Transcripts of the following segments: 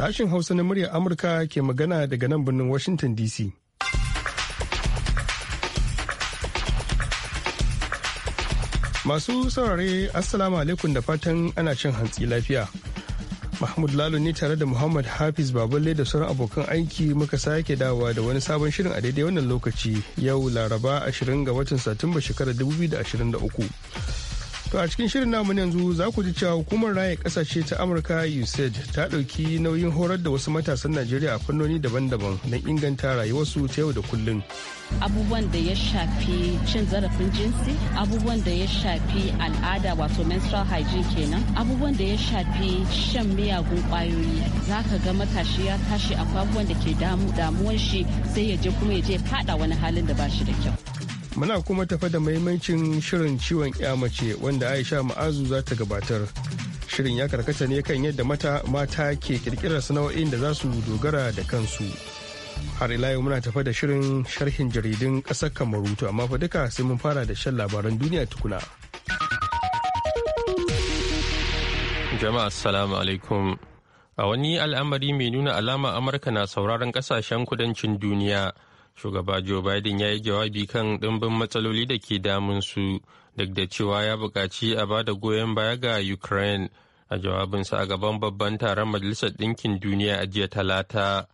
Sashen Hausa na muryar Amurka ke magana daga nan birnin Washington DC. Masu saurare Assalamu alaikum da fatan ana cin hantsi lafiya. Mahmud Lalo ne tare da Muhammad Hafiz Baballe da sauran abokan aiki muka sake dawa da wani sabon shirin a daidai wannan lokaci yau Laraba 20 ga watan Satumba shekarar 2023. To a cikin shirin namun yanzu za ku ji cewa hukumar raya kasashe ta Amurka USAID ta ɗauki nauyin horar da wasu matasan Najeriya a fannoni daban-daban don inganta rayuwarsu ta yau da kullun. Abubuwan da ya shafi cin zarafin jinsi, abubuwan da ya shafi al'ada wato menstrual hygiene kenan, abubuwan da ya shafi shan miyagun kwayoyi za ka ga matashi ya tashi akwai abubuwan da ke damuwan shi sai ya je kuma ya je faɗa wani halin da ba shi da kyau. Muna kuma tafa da maimancin shirin ciwon mace wanda Aisha Ma'azu za ta gabatar. Shirin ya karkata ne kan yadda mata mata ke kirkirar sana'o'in da za su dogara da kansu. Har ila yau muna tafa da shirin sharhin jaridun ƙasar Kamaru to amma fa duka sai mun fara da shan labaran duniya tukuna. Jama'a assalamu alaikum. A wani al'amari mai nuna alama Amurka na sauraron kasashen kudancin duniya shugaba joe biden ya yi jawabi kan ɗimbin matsaloli da ke damun su duk da cewa ya buƙaci a ba da goyon baya ga ukraine a jawabinsa a gaban babban taron majalisar ɗinkin duniya a jiya talata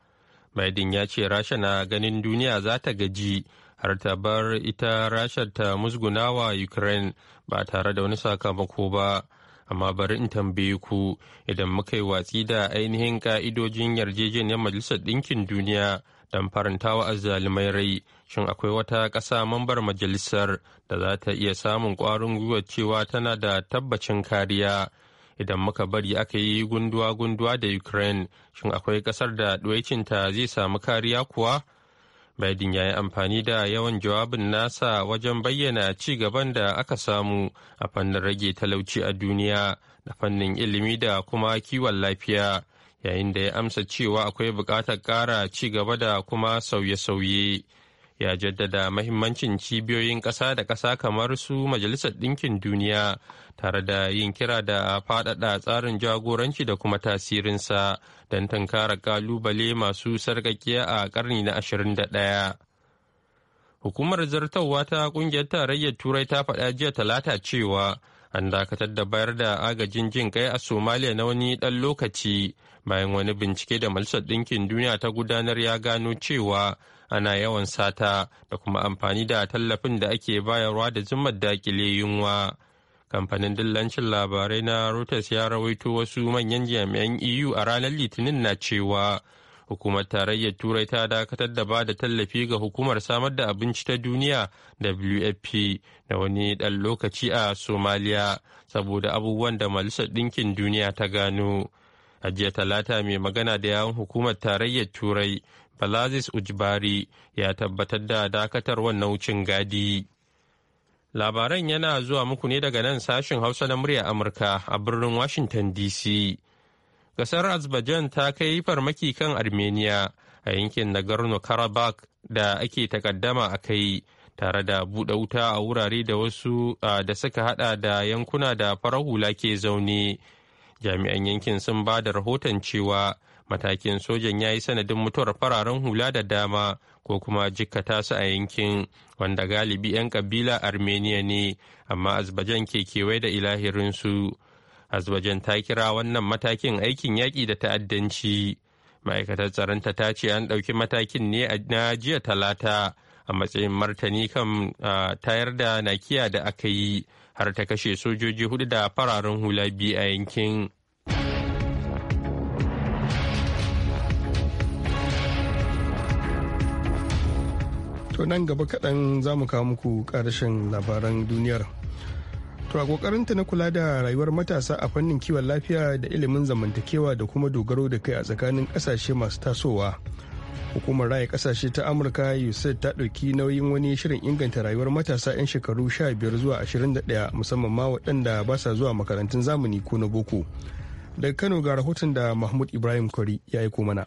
biden ya ce rasha na ganin duniya za ta gaji har ta bar ita rasha ta musgunawa wa ukraine ba tare da wani sakamako ba amma bari in tambaye ku idan muka yi watsi da ainihin ka'idojin yarjejeniyar majalisar ɗinkin duniya don faranta wa azzalumai rai shin akwai wata ƙasa mambar majalisar da za ta iya samun ƙwarin gwiwa cewa tana da tabbacin kariya idan muka bari aka yi gunduwa-gunduwa da ukraine shin akwai ƙasar da ɗuwaicinta zai samu kariya kuwa biden ya yi amfani da yawan jawabin nasa wajen bayyana ci gaban da aka samu a fannin rage talauci a duniya da fannin ilimi da kuma kiwon lafiya yayin da ya amsa cewa akwai buƙatar ƙara ci gaba da kuma sauye-sauye ya jaddada mahimmancin cibiyoyin ƙasa da ƙasa kamar su majalisar ɗinkin duniya tare da yin kira da faɗaɗa tsarin jagoranci da kuma tasirinsa don tankara ƙalubale masu sarƙaƙiya a ƙarni na ashirin da ɗaya hukumar zartarwa ta ƙungiyar tarayyar turai ta faɗa jiya talata cewa an dakatar da bayar da agajin jin kai a somaliya na wani ɗan lokaci bayan wani bincike da malsar ɗinkin duniya ta gudanar ya gano cewa ana yawan sata da kuma amfani da tallafin da ake bayarwa da zimmar dakile yunwa kamfanin dillancin labarai na reuters ya rawaito wasu manyan jami'an eu a ranar litinin na cewa hukumar tarayyar turai ta dakatar da ba da tallafi ga hukumar samar da abinci ta duniya wfp da wani ɗan lokaci a somaliya saboda abubuwan da majalisar ɗinkin duniya ta gano a jiya talata mai magana da yawon hukumar tarayyar turai balazis ujbari ya tabbatar da dakatar wannan wucin gadi labaran yana zuwa muku ne daga nan sashen hausa na murya amurka a birnin washington dc gasar azerbaijan ta kai farmaki kan armenia a yankin nagorno-karabakh da ake takaddama a kai tare da buɗe wuta a wurare da wasu da suka hada da yankuna da farar hula ke zaune jami'an yankin sun ba da rahoton cewa matakin sojan ya yi sanadin mutuwar fararen hula da dama ko kuma jikkata su a yankin wanda galibi 'yan kabila armenia ne amma azerbaijan ke kewaye da ilahirinsu azerbaijan ta kira wannan matakin aikin yaƙi da ta'addanci ma'aikatar tsaronta ta ce an ɗauki matakin ne na jiya talata a matsayin martani kan tayar da nakiya da aka yi har ta kashe sojoji hudu da fararen hula biyu a yankin to nan gaba kaɗan za mu kawo muku ƙarashin labaran duniyar To a kokarinta na kula da rayuwar matasa a fannin kiwon lafiya da ilimin zamantakewa da kuma dogaro da kai a tsakanin kasashe masu tasowa. Hukumar raya kasashe ta Amurka USAID ta ɗauki nauyin wani shirin inganta rayuwar matasa 'yan shekaru 15 zuwa 21 musamman ma waɗanda ba sa zuwa makarantun zamani ko na boko. Daga Kano ga rahoton da Mahmud Ibrahim Kwari ya aiko mana.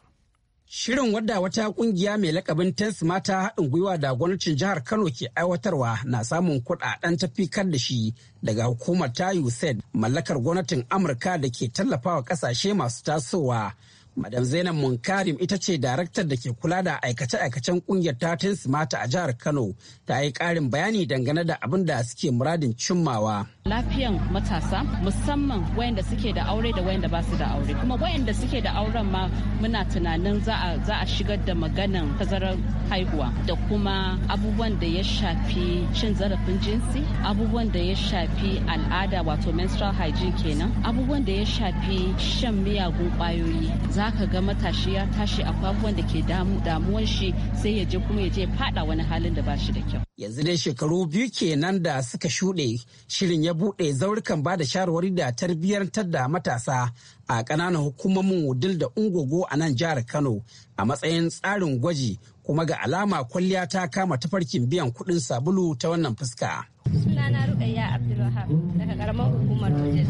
Shirin wadda wata kungiya mai lakabin Tens mata haɗin gwiwa da gwamnatin jihar Kano ke aiwatarwa na samun kuɗaɗen tafikar da shi daga hukumar ta USAID mallakar gwamnatin Amurka da ke tallafawa ƙasashe masu tasowa. Madam Zainab Munkarim ita ce daraktar da ke kula da aikace-aikacen kungiyar ta Tens mata a jihar Kano ta yi ƙarin bayani dangane da abin da suke muradin cimmawa. lafiyan matasa musamman wayanda suke da aure da wayanda ba su da aure kuma wayanda suke da auren ma muna tunanin za a shigar da maganan tazarar haihuwa da kuma abubuwan da ya shafi cin zarafin jinsi abubuwan da ya shafi al'ada wato menstrual hygiene kenan abubuwan da ya shafi shan miyagun kwayoyi za ka ga matashi ya tashi akwai abubuwan da ke damuwan shi sai ya je kuma ya je fada wani halin da ba shi da kyau yanzu dai shekaru biyu kenan da suka shuɗe shirin ya buɗe zaurukan ba da shawarwari da tarbiyyantar da matasa a ƙananan hukumomin wudil da ungogo a nan jihar kano a matsayin tsarin gwaji kuma ga alama kwalliya ta kama tafarkin biyan kuɗin sabulu ta wannan fuska. sunana rukayya abdulwahab daga karamar hukumar wajen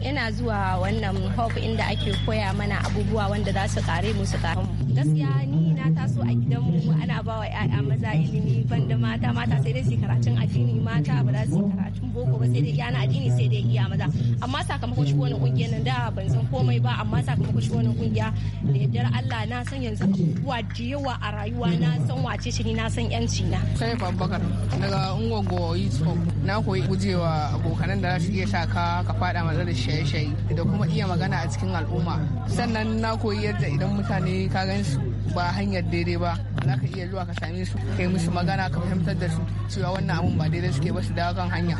ina zuwa wannan hope inda ake koya mana abubuwa wanda za su kare mu su kare mu gaskiya ni na taso a gidanmu ana ba wa 'ya'ya maza ilimi banda mata mata sai dai su karatun addini mata ba za su karatun boko ba sai dai yana addini sai dai iya maza amma sakamakon shi wani kungiya nan da ban san komai ba amma sakamakon shi wani kungiya da yaddar Allah na san yanzu abubuwa da yawa a rayuwa na san wace shi na san yanci na sai babbakar daga yi yitso na koyi gujewa abokanan da za su iya sa ka ka fada matsalar shaye-shaye da kuma iya magana a cikin al'umma sannan na koyi yadda idan mutane ka gan su ba hanyar daidai ba za ka iya zuwa ka same su kai musu magana ka fahimtar da su cewa wannan abun ba daidai suke ba su dawo kan hanya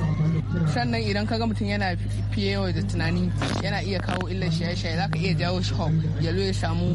sannan idan ka ga mutum yana fiye da tunani yana iya kawo illar shaye-shaye za ka iya jawo shi ya zo ya samu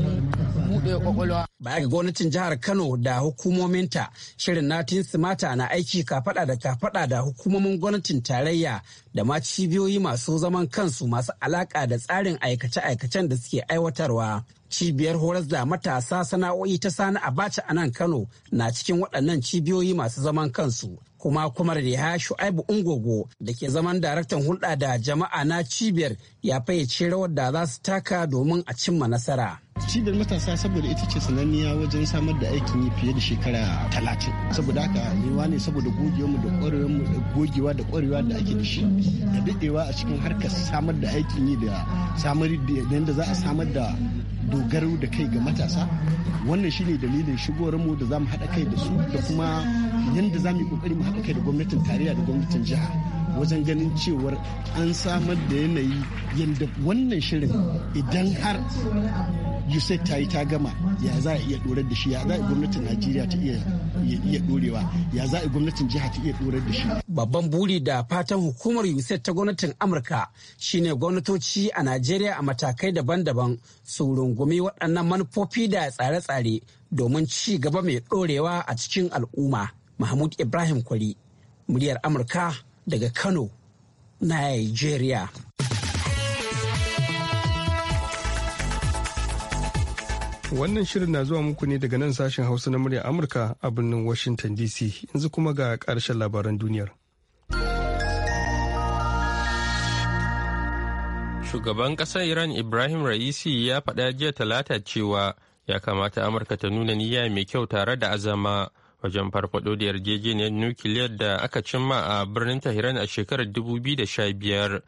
buɗe kwakwalwa Baya ga gwamnatin jihar Kano da hukumominta, shirin natin simata na aiki kafada da kafada da hukumomin gwamnatin tarayya da ma cibiyoyi masu zaman kansu masu alaka da tsarin aikace-aikacen da suke aiwatarwa. Cibiyar horas da matasa sana'o'i ta sani abacha a nan Kano na cikin waɗannan cibiyoyi masu zaman kansu kuma da ya shu'aibu ungogo da ke zaman daraktan hulɗa da jama'a na cibiyar ya fayyace rawar da za su taka domin a cimma nasara. cibiyar matasa saboda ita ce sananniya wajen samar da aikin yi fiye da shekara talatin saboda haka newa ne saboda gogewa da kwarewa da gogewa da kwarewa da ake da shi da daɗewa a cikin harkar samar da aikin yi da samar da yadda za a samar da dogaro da kai ga matasa wannan shine dalilin mu da za mu haɗa kai da su da kuma yadda za mu yi ƙoƙari mu haɗa kai da gwamnatin tarayya da gwamnatin jiha wajen ganin cewar an samar da yanayi yadda wannan shirin idan har USAID ta yi ta gama ya za a iya dorar da shi ya za a gwamnatin Najeriya ta iya dorewa ya za a gwamnatin jiha ta iya dorar da shi. Babban buri da fatan hukumar USAID ta gwamnatin Amurka shine gwamnatoci a Najeriya a matakai daban-daban su rungumi waɗannan manufofi da tsare-tsare domin ci gaba mai dorewa a cikin al'umma. Mahmud Ibrahim Kwari, muryar Amurka daga Kano, Nigeria. Wannan shirin na zuwa muku ne daga nan sashen Hausa na murya Amurka a birnin Washington DC yanzu kuma ga ƙarshen labaran duniyar. Shugaban ƙasar Iran Ibrahim Raisi ya faɗa jiya talata cewa ya kamata Amurka ta nuna niyya mai kyau tare da azama wajen farfaɗo da yarjejeniyar nukiliyar da aka cimma a birnin tahiran a shekarar 2015.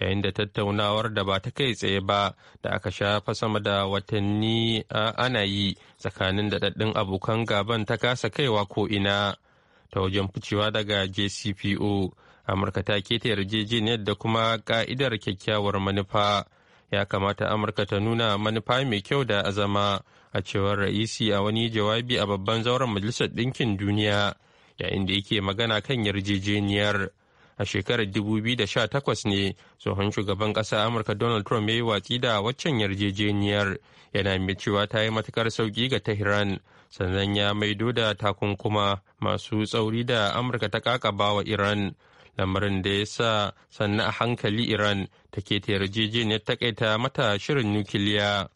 yayin da tattaunawar da ba ta kai tsaye ba da aka shafa sama da watanni ana yi tsakanin da daɗaɗɗun abokan gaban ta kasa kaiwa ko ina ta wajen ficewa daga jcpo amurka ta keta yarjejeniyar da kuma ka'idar kyakkyawar manufa ya kamata amurka ta nuna manufa mai kyau da azama a cewar ra'isi a wani jawabi a babban zauren majalisar ɗinkin duniya yayin da yake magana kan yarjejeniyar. a shekarar 2018 ne tsohon shugaban ƙasa amurka donald trump ya yi watsi da waccan yarjejeniyar yana mai cewa ta yi matukar sauki ga tehran sannan ya maido da takunkuma masu tsauri da amurka ta kakaba wa iran lamarin da ya sa sannan a hankali iran take ta yarjejeniyar takaita mata shirin nukiliya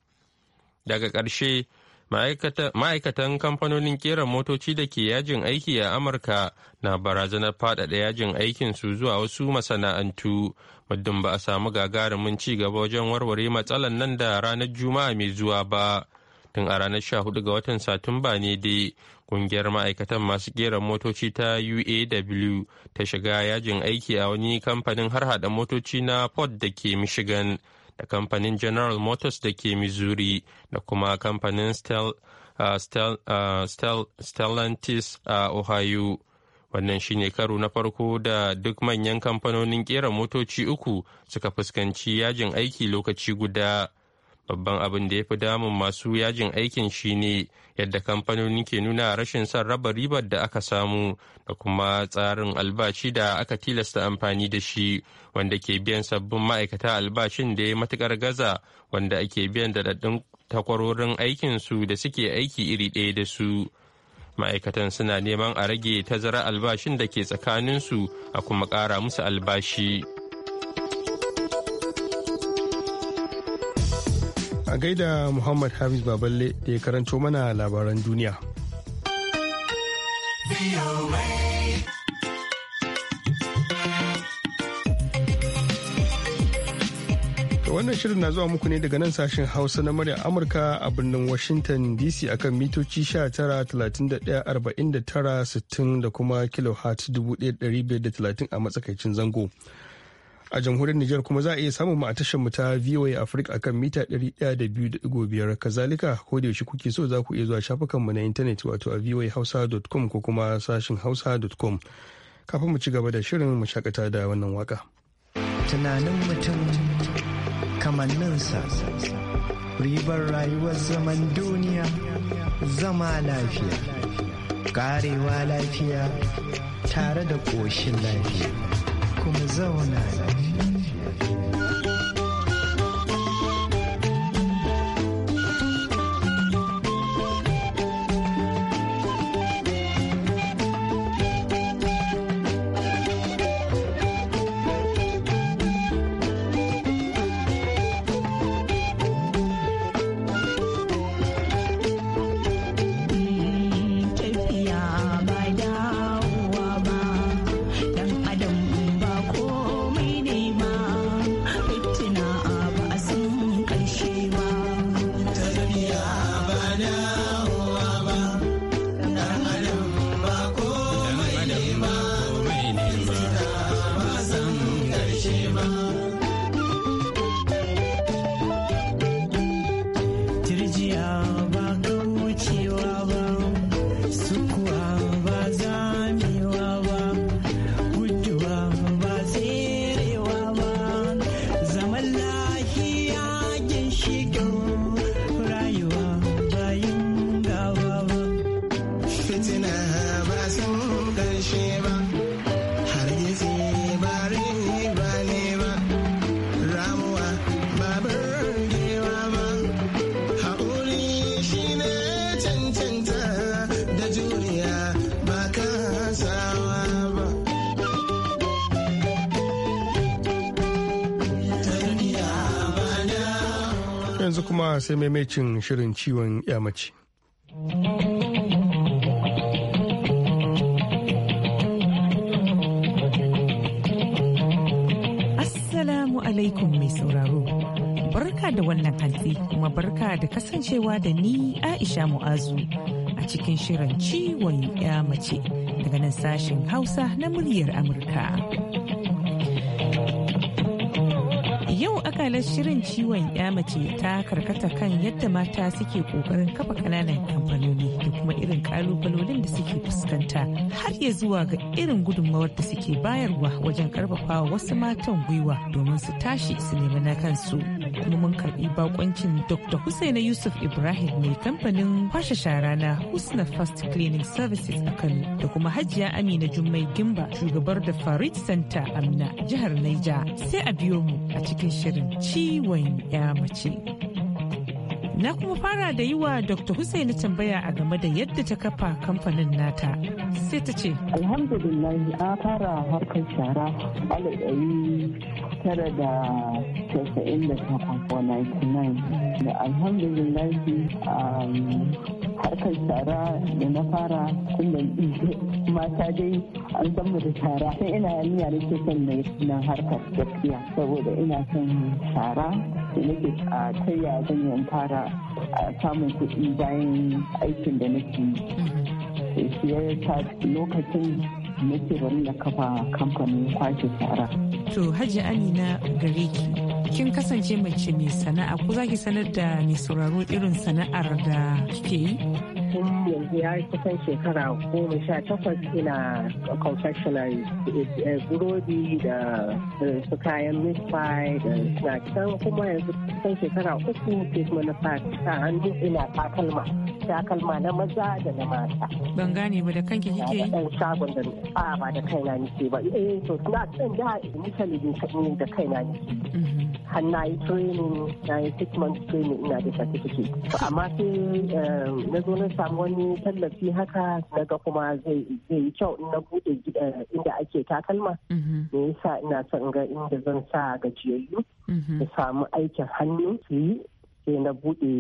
daga ƙarshe Ma'aikatan kamfanonin kera motoci da ke yajin aiki a Amurka na barazanar faɗaɗa yajin aikin su zuwa wasu masana'antu, muddin ba a samu gagarumin ci gaba wajen warware matsalan nan da ranar Juma'a mai zuwa ba. Tun a ranar 14 ga watan Satumba ne dai kungiyar ma'aikatan masu kera motoci ta UAW ta shiga yajin aiki a wani kamfanin har motoci na Ford da ke Michigan. da kamfanin General Motors da ke Missouri da kuma kamfanin Stel, uh, uh, Stellantis a uh, Ohio. Wannan shi ne karo na farko da duk manyan kamfanonin kera motoci uku suka fuskanci yajin aiki lokaci guda. babban abin da ya fi damun masu yajin aikin shi ne yadda kamfanoni ke nuna rashin son raba ribar da aka samu da kuma tsarin albashi da aka tilasta amfani da shi wanda ke biyan sabbin ma'aikata albashin da ya matukar gaza wanda ake biyan da takwarorin aikinsu da suke aiki iri ɗaya da su ma'aikatan suna neman a rage tazara albashin da ke tsakaninsu a kuma ƙara musu albashi. A gaida Muhammad Hafiz Baballe da ya karanto mana labaran duniya. wannan shirin na zuwa muku ne daga nan sashen hausa na murya amurka a birnin washington dc akan mitoci 19,31,49,60 da kuma kilohertz 1530 a matsakaicin zango a jamhuriyar Nijar kuma za a iya samun mu a tashar mu ta VOA Africa akan mita 102.5 kazalika ko da yaushe kuke so za ku iya zuwa shafukan mu na intanet wato a voahausa.com ko kuma sashin hausa.com kafin mu ci gaba da shirin mu shakata da wannan waka tunanin mutum kamannin sa ribar rayuwar zaman duniya zama lafiya karewa lafiya tare da koshin lafiya komeza wa sai maimacin shirin ciwon mace. Assalamu alaikum mai sauraro. Barka da wannan hantsi kuma barka da kasancewa da ni Aisha Mu'azu a cikin shirin ciwon mace daga nan sashen Hausa na muryar Amurka. makalar shirin ciwon ya mace ta karkata kan yadda mata suke kokarin kafa kananan kamfanoni kuma irin kalubalolin da suke fuskanta har ya zuwa ga irin gudunmawar da suke bayarwa wajen karfafa wasu matan gwiwa domin su tashi su nemi na kansu kuma mun karbi bakoncin dr husaina yusuf ibrahim mai kamfanin kwashe shara na husna First cleaning services a kano da kuma hajiya amina jummai gimba shugabar da farid center amina jihar naija sai a biyo mu a cikin shirin ciwon ya mace Na kuma fara da yi wa Dr. Hussaini tambaya a game da yadda ta kafa kamfanin nata. Sai ta ce. Alhamdulillah na fara harkar shara a ɗari tara da casa'in da takwas wa 99. Da alhamdulillah um, akan tsara da na fara tun da mata dai an san da tara sai ina niyya nake son na na harkar gaskiya saboda ina son tara da nake a ta zan yi fara a samun kuɗi bayan aikin da nake yi. lokacin nake bari na kafa kamfanin kwashe tara. To Hajji Amina gare ki. kin kasance mace mai sana'a ko zaki sanar da mai sauraro irin sana'ar da kike yi? tun yanzu ya yi kusan shekara goma sha takwas ina confectionery eh, burodi da eh, su kayan mispai da snacks kuma yanzu kusan shekara uku ke kuma na fata an duk ina takalma takalma na maza da na mata. Ban gane ba da kanki kike yi? Ɗan shagon da a ba da kaina nake ba. Eh to snacks ɗin da initially da kaina nake. Mm-hmm. har na yi training na yi six months training ina da certificate to amma sai eh, na zo na samu wani tallafi haka daga kuma zai yi kyau na bude inda ake takalma mm-hmm. me yasa ina son ga inda zan sa gajiyayyu da mm-hmm. samu aikin hannu su yi sai na bude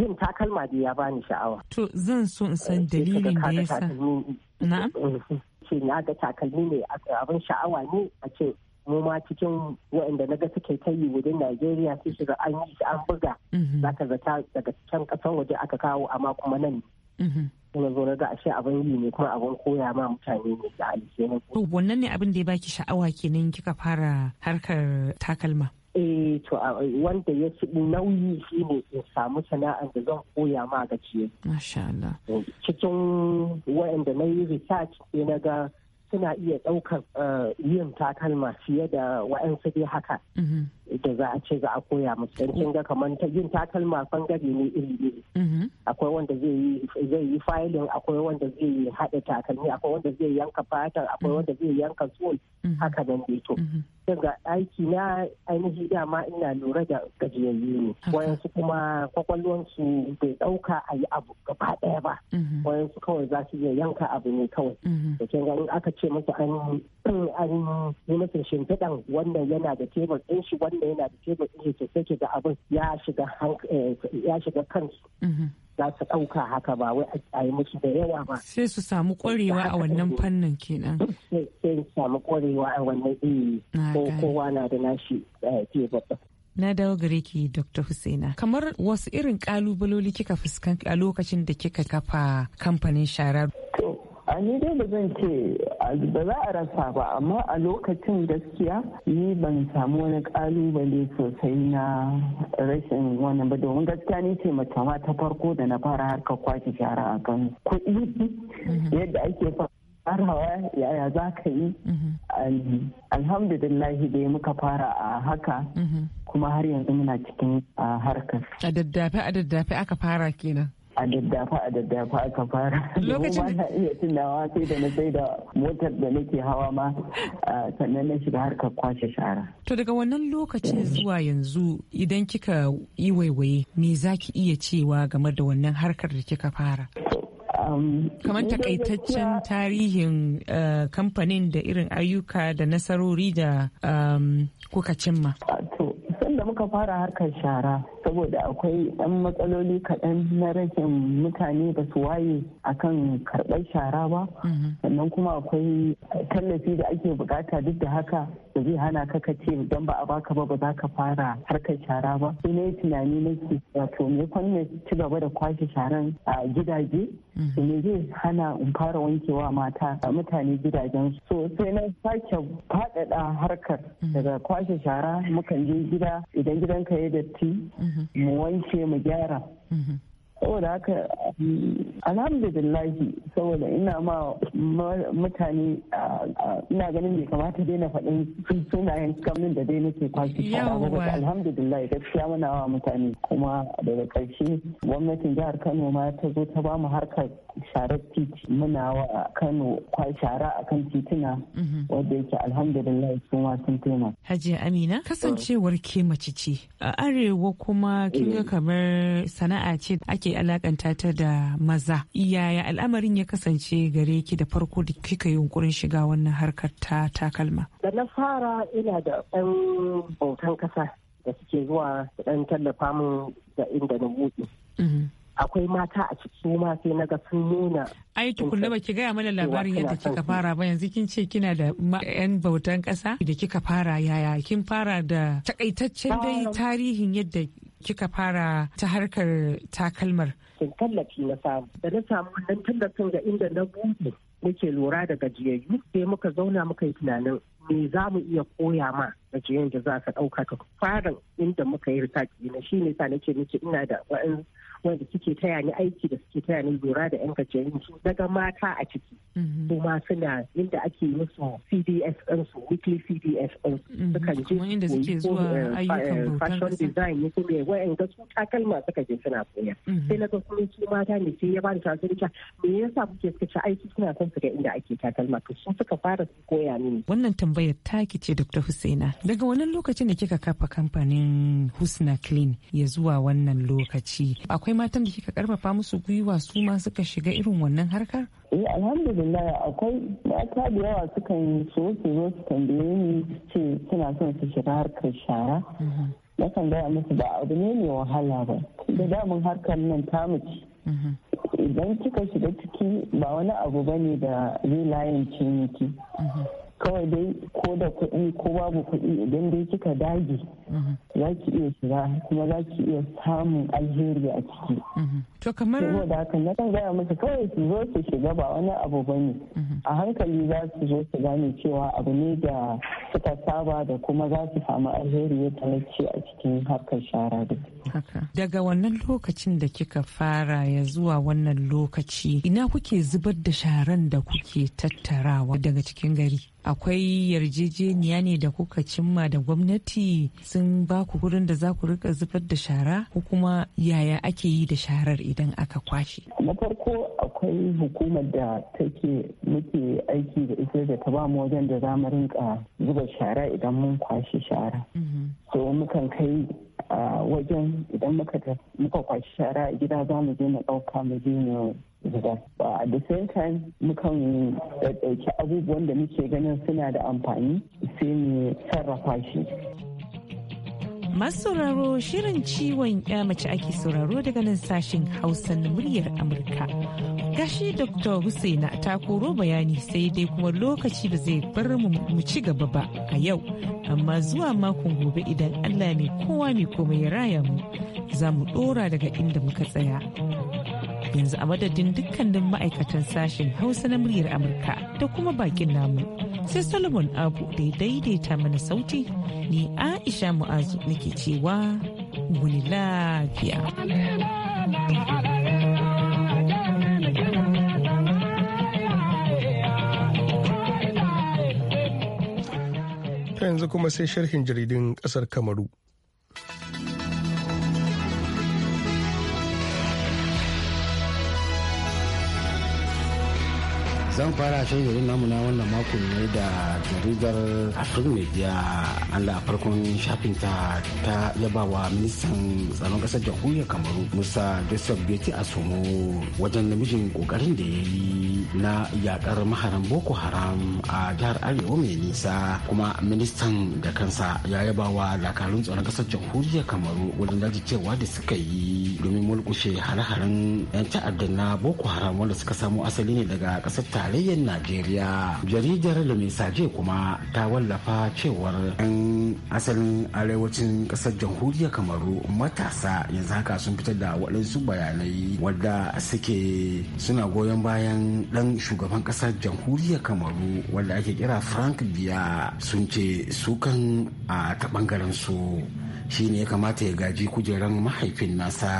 yin takalma da ya bani sha'awa to zan so in san eh, dalilin da yasa na'am ce eh, na ga takalmi ne abin sha'awa ne a ce mu ma cikin waɗanda na ga suke ta yi wajen Najeriya sai shiga an yi shi an buga mhm. za ka zata daga can kasan waje aka kawo amma kuma nan kuma mhm. zo na ga ashe abin yi ne kuma abin koya ma mutane ne da ne. To wannan ne abin da ya baki sha'awa kenan kika fara harkar takalma. eh to wanda ya ci nauyi shi ne in samu sana'ar da zan koya ma gaciye. Masha Allah. Cikin waɗanda na yi research sai na ga suna iya ɗaukar eh, yin takalma fiye da wa'ansu dai haka mm-hmm. da za a ce za a koya musu don ga kamar yin takalma bangare ne iri-iri mm-hmm. akwai wanda zai yi filin akwai wanda zai yi haɗa takalmi akwai wanda zai yanka fatar akwai mm-hmm. wanda zai yanka sol haka nan dai to daga aiki na ainihi dama ina lura da gajiyayyu ne wayansu kuma kwakwalwansu bai ɗauka a yi abu gaba ɗaya ba wayansu kawai za su iya yanka abu ne kawai da kin aka ce masa an yi masa shimfiɗan wannan yana da tebur ɗin shi wannan yana da tebur ɗin shi sai sake da abin ya shiga eh, kansu mhm. za su ɗauka haka ba wai a yi musu da yawa ba. Sai su samu ƙwarewa a wannan fannin kenan. Sai su samu ƙwarewa a wannan ɗin eh, ko kowa na da nashi eh, tebur ɗin. na dawo gare ki dr husaina kamar wasu irin kalubaloli kika fuskanta a lokacin da kika kafa kamfanin shara a ni dai da zan ce ba za a rasa ba amma a lokacin gaskiya ni ban samu wani kalubale sosai na rashin wannan ba domin gaskiya ni ce mace ta farko da na fara harka kwaki shara a kan kuɗi mm-hmm. yadda ake farawa yaya za ka yi mm-hmm. alhamdulillahi dai muka fara a haka mm-hmm. kuma har yanzu muna cikin harkar a daddafe a daddafe aka fara kenan a daddafa a daddafa aka fara lokacin da iya tunawa sai da na sai da motar da nake hawa ma sannan na shiga harkar kwashe shara to daga wannan lokacin zuwa yanzu idan kika yi waiwaye me zaki iya cewa game da wannan harkar da kika fara kamar takaitaccen tarihin eh, kamfanin da irin ayyuka da nasarori da kuka cimma to sanda muka fara harkar shara saboda akwai ɗan matsaloli kaɗan na rashin mutane ba su waye a kan karɓar shara ba mhm. sannan kuma akwai tallafi da ake bukata duk da haka da zai hana ka ce don ba a baka ba ba za ka fara harkar shara ba sai na yi tunani nake wato me kwanne ci gaba da kwashe sharan a gidaje mhm. me zai hana in fara wankewa mata a mutane gidajen so sai na sake faɗaɗa harkar mhm. daga kwashe shara mukan je gida idan gidanka ya datti mu wanke mu gyara mm-hmm. saboda haka um, alhamdulillahi saboda ina ma mutane ina ganin bai kamata dai na faɗin sunayen kamun da dai nake kwanci fara alhamdulillah gaskiya muna wa mutane kuma daga ƙarshe gwamnatin jihar kano ma ta zo ta bamu harkar sharar titi muna wa kano kwa shara akan tituna mhm. wadda yake alhamdulillahi sun ma sun taimaka. hajiya amina kasancewar ke mace ce a arewa kuma kinga eh. kamar sana'a ce ake ake alakanta ta da maza yaya al'amarin ya kasance gare ki da farko da kika yunkurin shiga wannan harkar ta takalma da na fara ina da ɗan bautan kasa da suke zuwa da ɗan tallafa min da inda na buɗe mhm. akwai mata a ciki ma sai na sun nuna. Ai tukunna ba ki gaya mana labarin yadda kika fara ba yanzu kin ce kina da yan bautan kasa da kika fara yaya kin fara da takaitaccen dai tarihin yadda kika fara ta harkar takalmar? Sun tallafi na samu. Da na samu wannan tallafin ga inda na buɗe muke lura da gajiyayyu sai muka zauna muka yi tunanin me za mu iya koya ma gajiyan da za ka ɗauka ta farin inda muka yi ritaki na shi ne sa nake nake ina da wa'in wanda suke taya ni aiki da suke taya ni lura da yan gajiyayin su daga mata a ciki mhm. kuma suna inda ake musu cds su weekly cds su mhm. sukan je eh, eh, fashion design ne kuma wa'yan ga su takalma suka je suna koya mhm. sai na ga kuma su mata ne sai ya bani ta me yasa kuke suka ci aiki suna son su ga inda ake takalma to su suka fara su koya mini wannan tambayar taki ce dr husaina daga wani lokacin da kika kafa kamfanin husna clean ya zuwa wannan lokaci akwai matan da kika karfafa musu gwiwa su ma suka shiga irin wannan harkar? Eh alhamdulillah akwai mata da yawa sukan so su zo su tambaye ni ce suna son su shiga harkar shara. Mhm. Na kan gaya musu ba abu ne mai wahala ba. Da damun harkar nan ta mace. Mhm. Idan kika shiga ciki ba wani abu bane da zai layin ciniki. Mhm. kawai dai ko da kuɗi ko babu kuɗi idan dai kika dage mm-hmm. za ki iya shiga kuma za ki iya samun alheri a ciki. Mm-hmm. To kamar saboda haka na kan gaya musu kawai su zo su shiga ba wani abu ba ne mm-hmm. a hankali za su zo su gane cewa abu ne da suka saba da kuma za su samu alheri ya talace a cikin harkar shara da Daga wannan lokacin da kika fara ya zuwa wannan lokaci ina kuke zubar da sharan da kuke tattarawa daga cikin gari? akwai yarjejeniya ne da kuka cimma da gwamnati sun ba ku gurin da za ku rika zubar da shara ko kuma yaya ake yi da sharar idan aka kwashe. Na farko akwai hukumar da take muke aiki da ita da ta bamu wajen da za mu rinka zuba shara idan mun kwashe shara. Mm-hmm. So mukan kai wajen idan muka kwashe shara gida za mu je mu ɗauka mu je mu ba a da same time mukan ɗauki abubuwan da muke ganin suna da amfani sai mu sarrafa shi masu sauraro shirin ciwon ya mace ake sauraro daga nan sashen hausa na muryar amurka gashi dr husaina ta koro bayani sai dai kuma lokaci ba zai bar mu ci gaba ba a yau amma zuwa makon gobe idan allah mai kowa mai komai ya raya mu za mu dora daga inda muka tsaya yanzu a madadin dukkanin ma'aikatan sashen hausa na muryar amurka da kuma bakin namu sai solomon abu da ya daidaita mana sauti ne aisha mu'azu nake cewa wani lafiya yanzu kuma sai sharhin jaridun kasar kamaru zan fara shan jaridar namu na wannan makon ne da jaridar afrik media da farkon shafin ta ta yaba wa ministan tsaron kasar jamhuriyar kamaru musa joseph beti somo wajen namijin kokarin da ya yi na yakar maharan boko haram a jihar arewa mai nisa kuma ministan da kansa ya yaba wa dakarun tsaron kasar jahuriya kamaru wajen daji cewa da suka yi domin mulkushe hare-haren 'yan ta'adda na boko haram wanda suka samo asali ne daga kasar ta tarayyar najeriya jaridar da lumisaje kuma ta wallafa cewar 'yan asalin arewacin kasar jamhuriyar kamaru matasa yanzu haka sun fitar da waɗansu bayanai wadda suke suna goyon bayan ɗan shugaban kasar jamhuriyar kamaru wadda ake kira frank biya sun ce sukan a ta ɓangaren su shi ne ya kamata ya gaji kujeran mahaifin nasa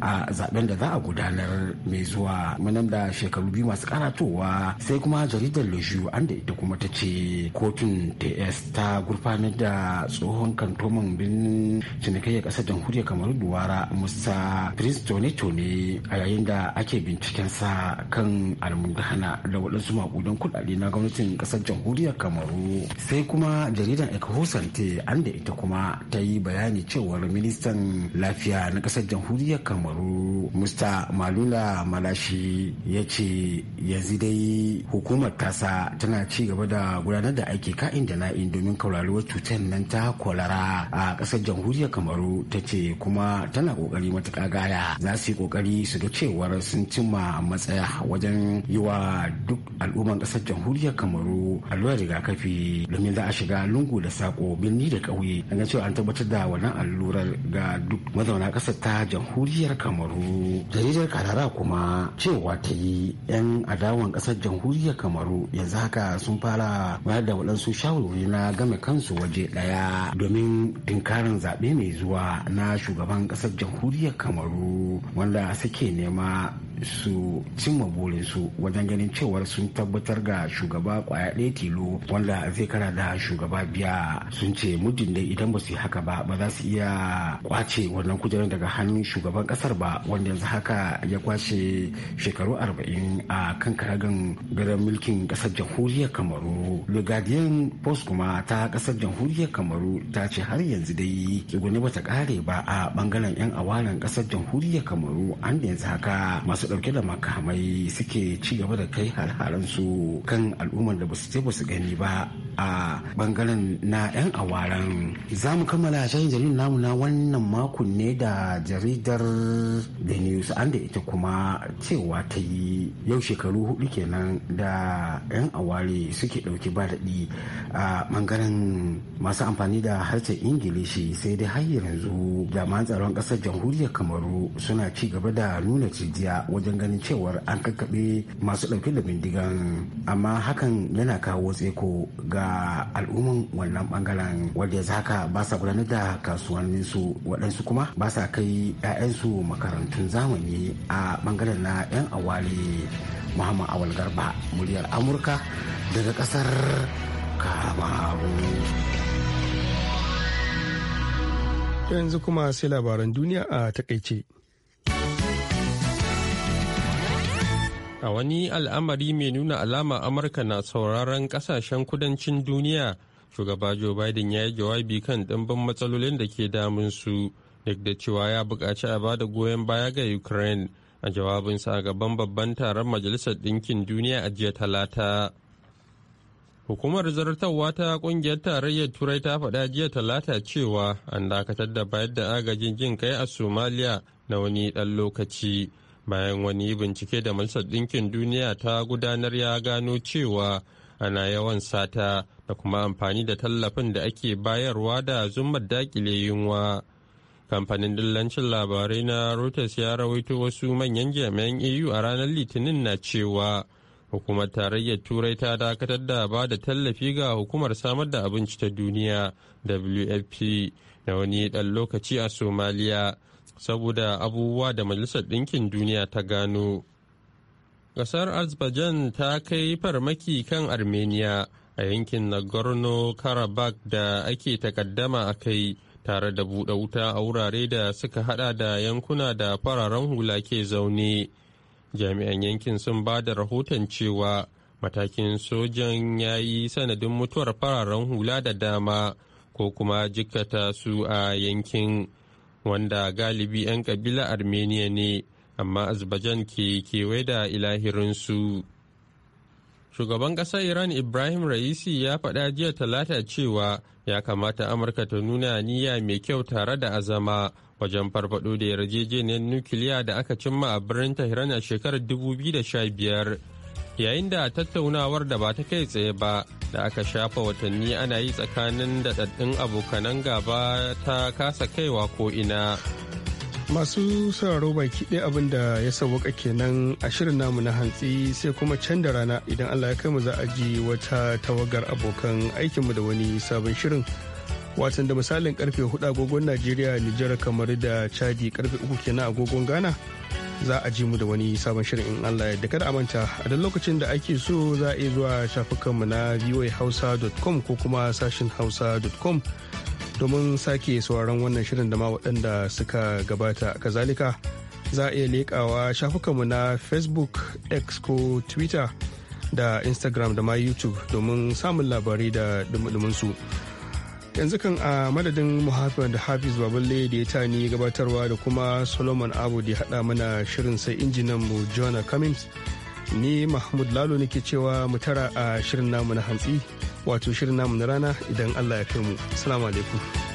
a zaben da za a gudanar mai zuwa manan da shekaru biyu masu karatowa sai kuma jaridar leju an da ita kuma ta ce kotun ts ta gurfanar da tsohon kantoman birnin cinikayyar ƙasar jamhuriyar kamar duwara musa prince tony tony a yayin da ake binciken sa kan almudana da waɗansu maƙudan kuɗaɗe na gwamnatin ƙasar jamhuriyar kamaru sai kuma jaridar ekahusante an da ita kuma ta yi bayani bayani cewar ministan lafiya na kasar jamhuriyar kamaru musta malula malashi ya ce yanzu dai hukumar tasa tana ci gaba da gudanar da aiki ka'in da na'in domin kauraruwar cutar nan ta kwalara a kasar jamhuriyar kamaru ta ce kuma tana kokari matuƙa gaya za su yi kokari su ga cewar sun cimma matsaya wajen yi wa duk al'umman kasar jamhuriyar kamaru allurar rigakafi domin za a shiga lungu da sako birni da kauye an cewa an tabbatar da wannan allurar ga duk mazauna ƙasa ta jamhuriyar kamaru jaridar karara kuma cewa ta yi 'yan adawan ƙasar jamhuriyar kamaru yanzu haka sun fara bayar da waɗansu shawarwari na game kansu waje ɗaya domin dinkarin zaɓe mai zuwa na shugaban ƙasar jamhuriyar kamaru wanda suke nema su cimma burinsu wajen ganin cewar sun tabbatar ga shugaba kwaya ɗaya tilo wanda zai kara da shugaba biya sun ce muddin dai idan ba su yi haka ba ba za su iya kwace wannan kujerar daga hannun shugaban kasar ba wanda yanzu haka ya kwace shekaru arba'in a kan karagan gadon mulkin kasar jamhuriyar kamaru lugadiyan guardian post kuma ta kasar jamhuriyar kamaru ta ce har yanzu dai ba bata kare ba a bangaren yan awalen kasar jamhuriyar kamaru an da yanzu haka masu su ɗauke da makamai suke ci gaba da kai har haransu su kan al'ummar da ba su je ba su gani ba a bangaren na 'yan awaran za mu kammala shan jaridar namu na wannan makon ne da jaridar the news an da ita kuma cewa ta yi yau shekaru hudu kenan da 'yan aware suke dauki ba daɗi a bangaren masu amfani da harshen ingilishi sai dai har yanzu jami'an tsaron ƙasar jamhuriyar kamaru suna ci gaba da nuna cijiya wajen ganin cewar an kakkaɓe masu ɗauke da bindigan amma hakan yana kawo tseko ga da al'umman wannan bangaren wadda yanzu haka ba sa gudanar da kasuwanninsu waɗansu kuma ba sa kai 'ya'yansu makarantun zamani a bangaren na 'yan awali muhammad awal garba muryar amurka daga ƙasar kamaru yanzu kuma sai labaran duniya a takaice. A wani al'amari mai nuna alama Amurka na sauraron kasashen kudancin duniya, shugaba Joe Biden ya yi jawabi kan ɗimbin matsalolin da ke damun su duk da cewa ya buƙaci a bada goyon baya ga Ukraine a jawabinsa a gaban babban taron Majalisar Ɗinkin Duniya a jiya talata. Hukumar zartarwa ta kungiyar tarayyar Turai ta faɗa jiya talata cewa an dakatar da bayar da agajin jin kai a Somalia na wani ɗan lokaci. bayan wani bincike da majalisar ɗinkin duniya ta gudanar ya gano cewa ana yawan sata da kuma amfani da tallafin da ake bayarwa da zumar dakile yunwa kamfanin dillancin labarai na reuters ya rawaito wasu manyan jami'an eu a ranar litinin na cewa hukumar tarayyar turai ta dakatar da ba da tallafi ga hukumar samar da abinci ta duniya wfp na wani ɗan lokaci a somaliya saboda abubuwa da majalisar ɗinkin duniya ta gano ƙasar azerbaijan ta kai farmaki kan armenia a yankin nagorno-karabakh da ake takaddama a kai tare da buɗe wuta a wurare da suka hada da yankuna da fararen hula ke zaune jami'an yankin sun ba da rahoton cewa matakin sojan ya yi sanadin mutuwar fararen hula da dama ko kuma jikata su a yankin wanda galibi 'yan kabila armenia ne amma azerbaijan ke kewaye da ilahirinsu shugaban ƙasar iran ibrahim raisi ya faɗa jiya talata cewa ya kamata amurka ta nuna niyya mai kyau tare da azama wajen farfaɗo da yarjejeniyar nukiliya da aka cimma a birnin tehran a shekarar 2015 yayin da tattaunawar da ba ta kai tsaye ba da aka shafa watanni ana yi tsakanin daɗaɗɗun abokanan gaba ta kasa kaiwa ko ina masu sauraro baki ɗaya abin da ya sauwaka kenan a shirin namu na hantsi sai kuma can rana idan allah ya kai mu za a ji wata tawagar abokan aikinmu da wani sabon shirin. watan da misalin karfe 4 agogon najeriya nijar kamar da chadi karfe 3 kenan agogon ghana za a ji mu da wani sabon shirin in allah yadda kada manta a duk lokacin da ake so za a iya zuwa shafukanmu na voahausa.com ko kuma sashin hausa.com domin sake sauraron wannan shirin da ma waɗanda suka gabata kazalika za a iya leƙawa shafukanmu na facebook x ko twitter da instagram da ma youtube domin samun labarai da dumudumin su. yanzu kan a madadin muhafiz da hafiz baballe da ya tani gabatarwa da kuma solomon abu da ya haɗa mana shirin sai injinan mu jona cummins ni mahmud lalo nake cewa mu tara a shirin namu na hantsi wato shirin namu na rana idan allah ya kai mu salamu alaikum